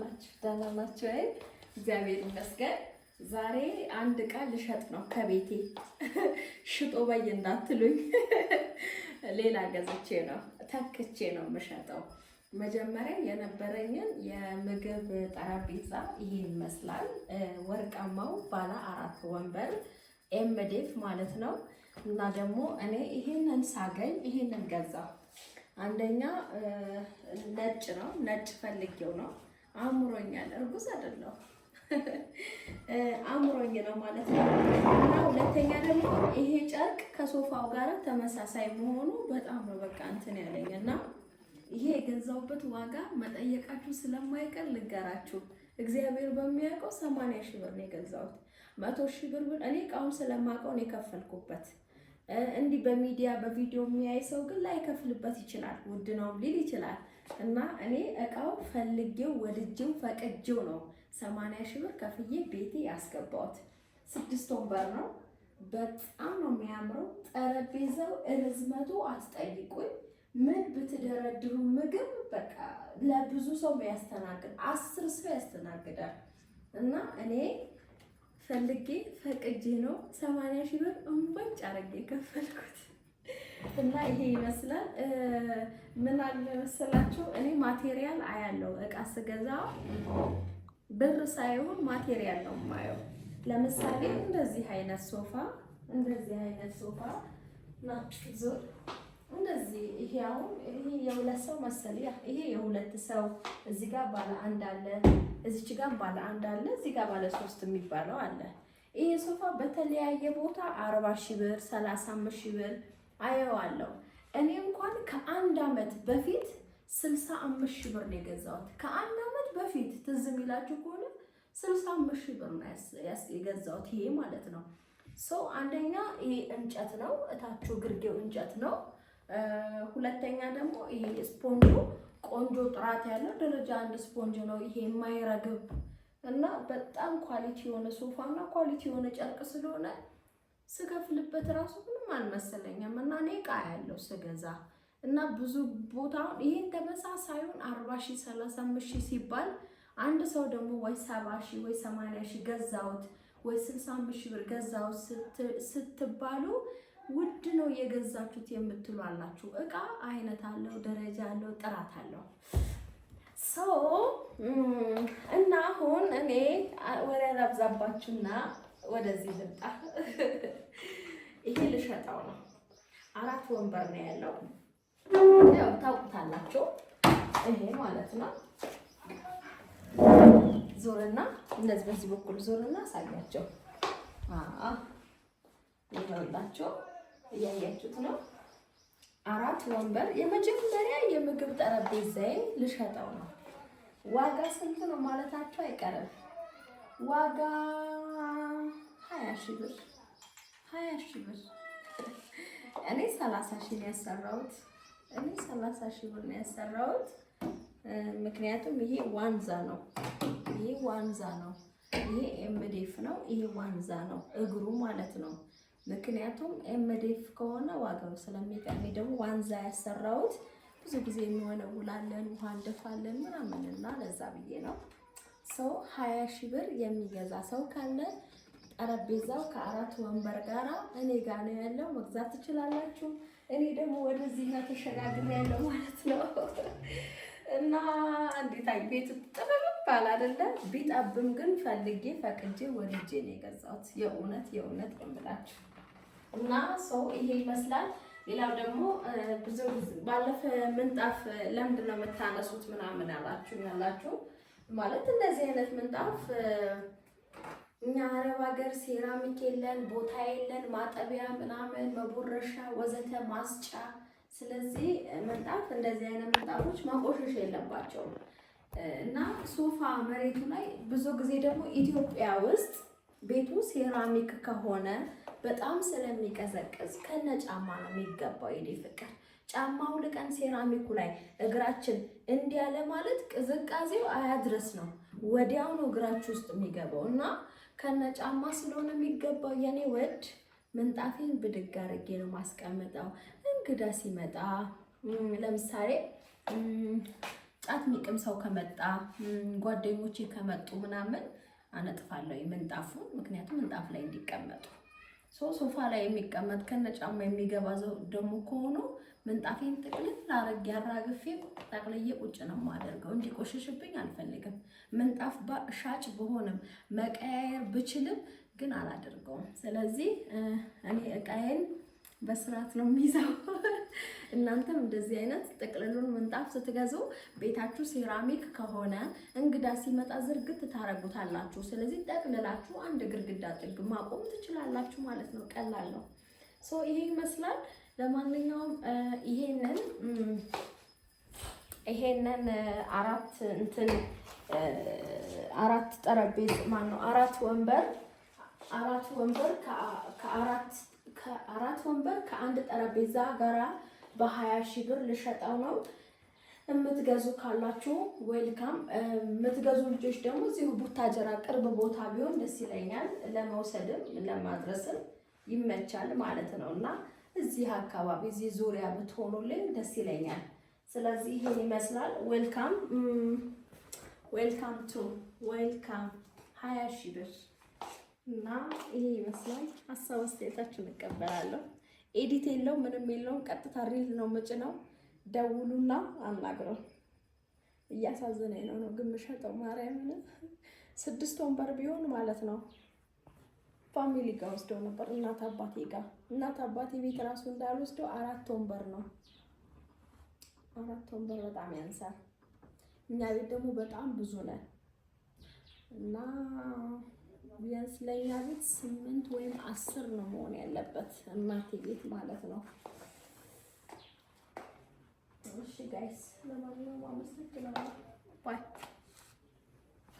ናላችሁ? ደህና ናችሁ ወይ? እግዚአብሔር ይመስገን። ዛሬ አንድ ዕቃ ልሸጥ ነው ከቤቴ። ሽጦ በይ እንዳትሉኝ፣ ሌላ ገዝቼ ነው ተክቼ ነው የምሸጠው። መጀመሪያ የነበረኝን የምግብ ጠረጴዛ ይሄ ይመስላል። ወርቃማው ባለ አራት ወንበር ኤምዴፍ ማለት ነው። እና ደግሞ እኔ ይሄንን ሳገኝ ይሄንን ገዛው። አንደኛ ነጭ ነው፣ ነጭ ፈልጌው ነው አምሮኛል። እርጉዝ አይደለሁ አምሮኝ ነው ማለት ነው። እና ሁለተኛ ደግሞ ይሄ ጨርቅ ከሶፋው ጋር ተመሳሳይ መሆኑ በጣም ነው በቃ እንትን ያለኝ እና ይሄ የገዛውበት ዋጋ መጠየቃችሁ ስለማይቀር ልገራችሁ። እግዚአብሔር በሚያውቀው ሰማንያ ሺህ ብር ነው የገዛሁት። መቶ ሺህ ብር ብር እኔ እቃውን ስለማውቀው ነው የከፈልኩበት። እንዲህ በሚዲያ በቪዲዮ የሚያይ ሰው ግን ላይከፍልበት ይችላል፣ ውድ ነው ሊል ይችላል። እና እኔ እቃው ፈልጌው ወድጄው ፈቅጄው ነው ሰማንያ ሺህ ብር ከፍዬ ቤቴ ያስገባሁት። ስድስት ወንበር ነው። በጣም ነው የሚያምረው። ጠረጴዛው ርዝመቱ አስጠይቁኝ። ምን ብትደረድሩ ምግብ በቃ ለብዙ ሰው የሚያስተናግድ አስር ሰው ያስተናግዳል። እና እኔ ፈልጌ ፈቅጄ ነው ሰማንያ ሺህ ብር እንቦጭ አረጌ የከፈልኩት። እና ይሄ ይመስላል። ምን አለ መሰላችሁ፣ እኔ ማቴሪያል አያለው እቃ ስገዛ ብር ሳይሆን ማቴሪያል ነው የማየው። ለምሳሌ እንደዚህ አይነት ሶፋ እንደዚህ አይነት ሶፋ ናችሁ ዞር እንደዚህ ይሄ አሁን ይሄ የሁለት ሰው መሰል ይሄ የሁለት ሰው እዚህ ጋር ባለ አንድ አለ፣ እዚች ጋር ባለ አንድ አለ፣ እዚህ ጋር ባለ ሶስት የሚባለው አለ። ይሄ ሶፋ በተለያየ ቦታ አርባ ሺህ ብር ሰላሳ አምስት ሺህ ብር አየዋለሁ። እኔ እንኳን ከአንድ አመት በፊት 65 ሺህ ብር ነው የገዛሁት። ከአንድ አመት በፊት ትዝ የሚላችሁ ከሆነ 65 ሺህ ብር ነው የገዛሁት። ይሄ ማለት ነው ሰው አንደኛ ይሄ እንጨት ነው፣ እታችሁ ግርጌው እንጨት ነው። ሁለተኛ ደግሞ ይሄ ስፖንጅ ቆንጆ ጥራት ያለው ደረጃ አንድ ስፖንጅ ነው። ይሄ የማይረግብ እና በጣም ኳሊቲ የሆነ ሶፋ እና ኳሊቲ የሆነ ጨርቅ ስለሆነ ስከፍልበት ራሱ ምንም አልመሰለኝም። እና እኔ እቃ ያለው ስገዛ እና ብዙ ቦታ ይሄን ተመሳሳዩን አርባ ሺህ ሰላሳ አምስት ሲባል አንድ ሰው ደግሞ ወይ ሰባ ሺ ወይ ሰማንያ ሺ ገዛውት ወይ ስልሳ አምስት ብር ገዛውት ስትባሉ ውድ ነው የገዛችሁት የምትሉ አላችሁ። እቃ አይነት አለው፣ ደረጃ አለው፣ ጥራት አለው። ሰው እና አሁን እኔ ወሬ ላብዛባችሁና ወደዚህ ልምጣ። ይሄ ልሸጠው ነው። አራት ወንበር ነው ያለው። ያው ታውቁታላችሁ። ይሄ ማለት ነው። ዞርና እንደዚህ በዚህ በኩል ዞርና አሳያቸው። አዎ ይኸውላችሁ፣ እያያችሁት ነው። አራት ወንበር የመጀመሪያ የምግብ ጠረጴዛዬ ልሸጠው ነው። ዋጋ ስንት ነው ማለታቸው አይቀርም። ዋጋ ሀያ ሺህ ብር ሀያ ሺህ ብር እኔ ሰላሳ ሺህ ነው ያሰራሁት። እኔ ሰላሳ ሺህ ብር ነው ያሰራሁት። ምክንያቱም ይሄ ዋንዛ ነው። ይሄ ዋንዛ ነው። ይሄ ኤምዴፍ ነው። ይሄ ዋንዛ ነው፣ እግሩ ማለት ነው። ምክንያቱም ኤምዴፍ ከሆነ ዋጋው ስለሚቀሚ ደግሞ ዋንዛ ያሰራሁት ብዙ ጊዜ የሚወለውላለን ውሃ እንደፋለን ምናምንና ለዛ ብዬ ነው ሰው ሀያ ሺህ ብር የሚገዛ ሰው ካለ ጠረጴዛው ከአራት ወንበር ጋር እኔ ጋር ነው ያለው። መግዛት ትችላላችሁ። እኔ ደግሞ ወደዚህ ተሸጋግሬ ያለው ማለት ነው እና እንዴት ቤት ጥበብ አለ አይደለ? ቢጠብም ግን ፈልጌ ፈቅጄ ወድጄ ነው የገዛሁት። የእውነት የእውነት እንብላችሁ እና ሰው ይሄ ይመስላል። ሌላው ደግሞ ብዙ ባለፈ ምንጣፍ ለምንድን ነው የምታነሱት ምናምን አላችሁ ያላችሁ ማለት እንደዚህ አይነት ምንጣፍ እኛ አረብ ሀገር ሴራሚክ የለን፣ ቦታ የለን፣ ማጠቢያ ምናምን መቦረሻ ወዘተ ማስጫ። ስለዚህ ምንጣፍ እንደዚህ አይነት ምንጣፎች ማቆሸሽ የለባቸውም እና ሶፋ መሬቱ ላይ ብዙ ጊዜ ደግሞ ኢትዮጵያ ውስጥ ቤቱ ሴራሚክ ከሆነ በጣም ስለሚቀዘቅዝ ከነ ጫማ ነው የሚገባው። የኔ ፍቅር ጫማው ልቀን ሴራሚኩ ላይ እግራችን እንዲያለ ማለት ቅዝቃዜው አያድረስ ነው፣ ወዲያው ነው እግራችሁ ውስጥ የሚገባው እና ከነ ጫማ ስለሆነ የሚገባው የኔ ወድ ምንጣፌን ብድግ አድርጌ ነው ማስቀምጠው። እንግዳ ሲመጣ ለምሳሌ ጫት ሚቅም ሰው ከመጣ ጓደኞቼ ከመጡ ምናምን አነጥፋለሁ ምንጣፉ፣ ምክንያቱም ምንጣፍ ላይ እንዲቀመጡ። ሶፋ ላይ የሚቀመጥ ከነ ጫማ የሚገባ ደግሞ ከሆኑ ምንጣፌን ጥቅልል አረግ አራግፌ ጠቅልዬ ቁጭ ነው የማደርገው። እንዲቆሽሽብኝ አልፈልግም። ምንጣፍ ሻጭ ብሆንም መቀያየር ብችልም ግን አላደርገውም። ስለዚህ እኔ እቃዬን በስርዓት ነው የሚይዘው። እናንተም እንደዚህ አይነት ጥቅልሉን ምንጣፍ ስትገዙ ቤታችሁ ሴራሚክ ከሆነ እንግዳ ሲመጣ ዝርግት ታረጉታላችሁ። ስለዚህ ጠቅልላችሁ አንድ ግድግዳ ጥግ ማቆም ትችላላችሁ ማለት ነው። ቀላል ነው። ሶ ይሄ ይመስላል። ለማንኛውም ይሄንን ይሄንን አራት እንትን አራት ጠረጴዛ ነው አራት ወንበር አራት ወንበር ከአራት ከአራት ወንበር ከአንድ ጠረጴዛ ጋራ በ20 ሺህ ብር ልሸጠው ነው። የምትገዙ ካላችሁ ዌልካም። የምትገዙ ልጆች ደግሞ እዚሁ ቡታጀራ ቅርብ ቦታ ቢሆን ደስ ይለኛል። ለመውሰድም ለማድረስም ይመቻል ማለት ነው እና እዚህ አካባቢ እዚህ ዙሪያ ብትሆኑልኝ ደስ ይለኛል። ስለዚህ ይሄን ይመስላል። ዌልካም ዌልካም ቱ ዌልካም ሀያ ሺህ ብር እና ይሄ ይመስላል። ሀሳብ አስተያየታችሁን እቀበላለሁ። ኤዲት የለው ምንም የለውም። ቀጥታ ሪል ነው ምጭ ነው። ደውሉና አናግረው። እያሳዘነ ነው ነው ግን የምሸጠው ማርያምን ስድስት ወንበር ቢሆን ማለት ነው ፋሚሊ ጋር ወስደው ነበር እናት አባቴ ጋር እናት አባቴ ቤት ራሱ እንዳልወስደው አራት ወንበር ነው። አራት ወንበር በጣም ያንሳል። እኛ ቤት ደግሞ በጣም ብዙ ነን እና ቢያንስ ለእኛ ቤት ስምንት ወይም አስር ነው መሆን ያለበት እናቴ ቤት ማለት ነው። እሺ ጋይስ ለማንኛውም አመሰግናለሁ ባይ